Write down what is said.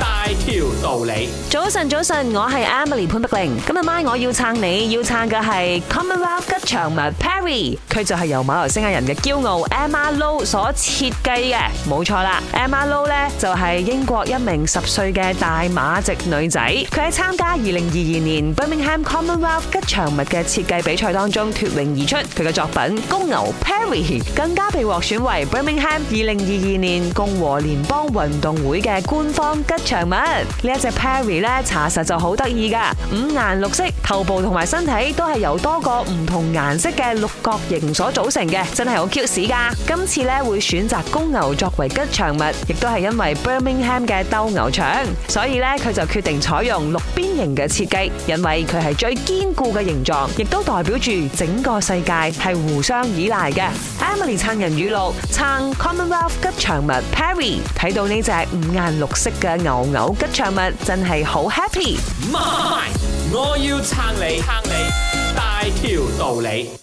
大條道理，早晨早晨，我係 Emily 潘碧玲。今日 my 我要撐你，要撐嘅係 Commonwealth 吉祥物 Perry，佢就係由馬來西亞人嘅驕傲 Emma Low 所設計嘅，冇錯啦。Emma Low 咧，就係英國一名十歲嘅大馬籍女仔，佢喺參加二零二二年 Birmingham Commonwealth 吉祥物嘅設計比賽當中脫穎而出，佢嘅作品公牛 Perry 更加被獲選為 Birmingham 二零二二年共和聯邦運動會嘅官方吉。吉祥物呢一隻 Perry 咧，查實就好得意噶，五顏六色，頭部同埋身體都係由多個唔同顏色嘅六角形所組成嘅，真係好 cute 噶。今次咧會選擇公牛作為吉祥物，亦都係因為 Birmingham 嘅鬥牛場，所以咧佢就決定採用六邊形嘅設計，因為佢係最堅固嘅形狀，亦都代表住整個世界係互相依賴嘅。Emily 撐人語錄撐 Commonwealth 吉祥物 Perry，睇到呢隻五顏六色嘅牛。牛牛吉祥物真係好 happy，我要撐你撐你，大條道理。